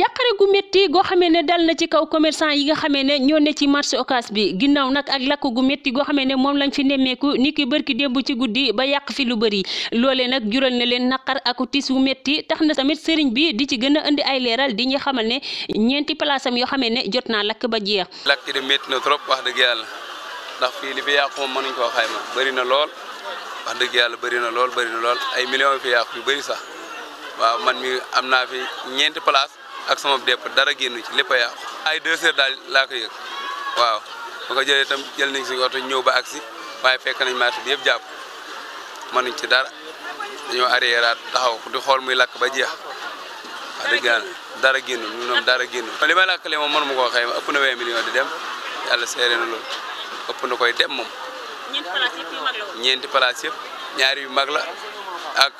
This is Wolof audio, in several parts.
njàqare gu métti goo xamee ne dal na ci kaw commerçant yi nga xamee ne ñoo ne ci marché Ocass bi ginnaaw nag ak lakk gu métti goo xamee ne moom lañ fi nemmeeku ni ki bërki démb ci guddi ba yàq fi lu bëri loolee nag jural na leen naqar ak tiis wu métti tax na tamit sëriñ bi di ci gën a indi ay leeral di ñu xamal ne ñeenti place am yoo xamee ne jot naa lakk ba jeex. lakk de métti na trop wax dëgg yàlla ndax fii li fi yàqu moom mënuñ koo xayma bëri na lool wax dëgg yàlla bëri na lool bëri lool ay millions fi yàqu yu bëri sax ak sama depp dara génnu ci lépp a yàqu ay deux heures daal laa yëg waaw ba ko jëlee itam jël nañ suñu oto ñëw ba agsi waaye fekk nañ marché bi yëpp jàpp mënuñ ci dara dañoo arriéraat taxaw di xool muy lakk ba jeex wax dëgg yàlla dara génnul ñoom dara génnul li may lakkale moom mënu ma koo xayma ëpp na 20 millions di dem yàlla seere na loolu ëpp na koy dem moom ñeenti place yëpp ñaari yu mag la ak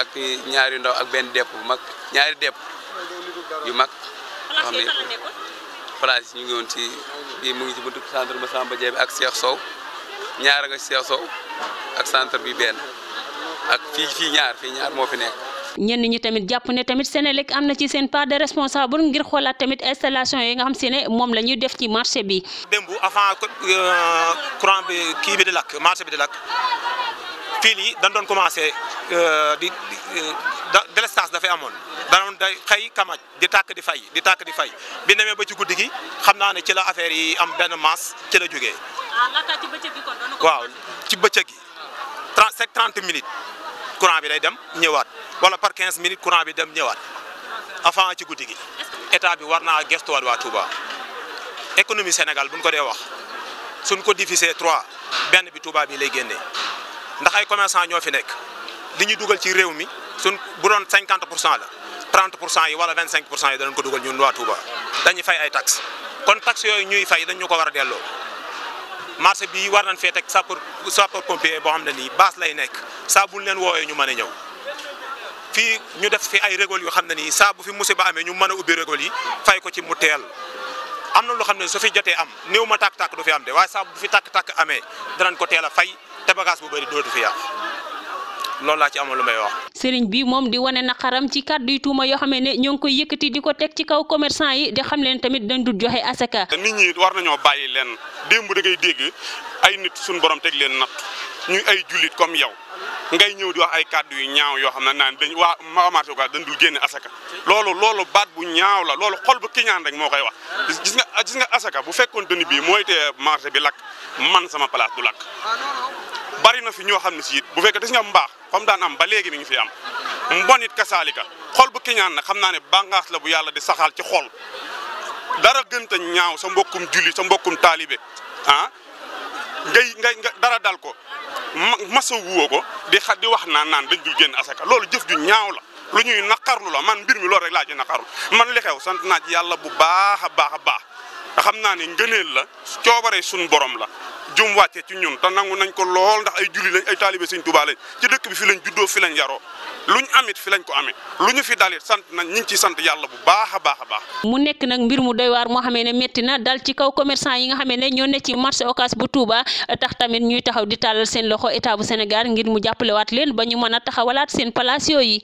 ak ñaari yu ndaw ak benn depp bu mag ñaari depp yu mag. yoo xam ne place ñu ngi woon ci fii mu ngi ci buntu centre Massamba Dieye bi ak Cheikh Sow ñaar nga Cheikh Sow ak centre bi benn ak fii fii ñaar fii ñaar moo fi ne ñenn ñi tamit jàpp ne tamit Senelec am na ci seen part de responsable ngir xoolaat tamit installation yi nga xam si ne moom la ñuy def ci marché bi. démb avant euh, courant bi kii bi di lakk marché bi de lakk. fii nii dañ doon commencé euh, di euh, délestage dafay amoon danoon day xëy kamaj di takk di fay di tàkk fay bi demee ba ci guddi gi xam naa ne ci la affaire yi am benn masse ci la jógee. Ah, waaw ci bëccëg gi. 30 minutes courant bi day dem ñëwaat wala par quinze minutes courant bi dem ñëwaat avant ci guddi gi état bi war naa gestuwaat waa Touba économie Sénégal buñ ko dee wax sun ko diviser 3 benn bi Touba bi lay génnee. ndax ay commerçant ñoo fi nekk li ñuy dugal ci réew mi suñ bu doon 50 pour cent la 30 pour cent yi wala 25 pour cent yi danañ ko dugal ñun waa Touba dañuy fay ay taxes kon taxes yooyu ñuy fay dañ ko war a delloo marché bi war nañ fee teg sapeur sapeur pompier boo xam ne nii baas lay nekk saa buñ leen woowee ñu mën a ñëw fii ñu def fi ay régol yoo xam ne nii saa bu fi musiba amee ñu mën a ubbi régol yi fay ko ci mu teel am na loo xam ne su fi jotee am néew ma takk tàkk du am de waaye saa bu fi tàkk-tàkk amee danañ ko teel a fay te bagage bu bëri dootu fi yàq loolu laa ci amoon lu may wax. sëriñ bi moom di wane na xaram ci kàddu yu tuuma yoo xam ne ñoo ngi koy yëkkati di ko teg ci kaw commerçant yi di xam leen tamit dañ dul joxe asaka. nit ñi war nañoo bàyyi leen démb da ngay dégg ay nit suñu borom teg leen natt ñuy ay jullit comme yow ngay ñëw di wax ay kàddu yu ñaaw yoo xam ne naan dañ waa marché ga dañ du génne asaka loolu loolu baat bu ñaaw la loolu xol bu kiñaan rek moo koy wax gis nga gis bu fekkoon dënn bii mooy te marché bi lakk man sama place du lakk. bari na fi ñoo xam ne si bu fekkee des nga mbaax fam daan am ba léegi mi ngi fi am mbon it kasaalika xol bu ñaan na xam naa ne bànqaas la bu yàlla di saxaal ci xol dara gënta ñaaw sa mbokkum julli sa mbokkum taalibe ah ngay ngay dara dal ko masa wuwo ko di xa wax naan naan dañ dul génn asaka loolu jëf ju ñaaw la lu ñuy naqarlu la man mbir mi loolu rek laa ci naqarlu man li xew sant naaj yàlla bu baax a baax a baax xam naa ne ngëneel la coobare suñu borom la jum wàcce ci ñun te nangu nañ ko lool ndax ay julli lañ ay taalibe sëñ Tuubaa lañ ci dëkk bi fi lañ juddoo fi lañ yaroo luñ amit fi lañ ko amee lu ñu fi dalit sant nañ ñu ngi ciy sant yàlla bu baax a baax a baax mu nekk nag mbir mu doy moo xamee ne métti na dal ci kaw commercant yi nga xamee ne ñoo ne ci marché ocas bu Touba tax tamit ñuy taxaw di tàllal seen loxo état bu Sénégal ngir mu jàppalewaat leen ba ñu mën a taxawalaat seen place yooyu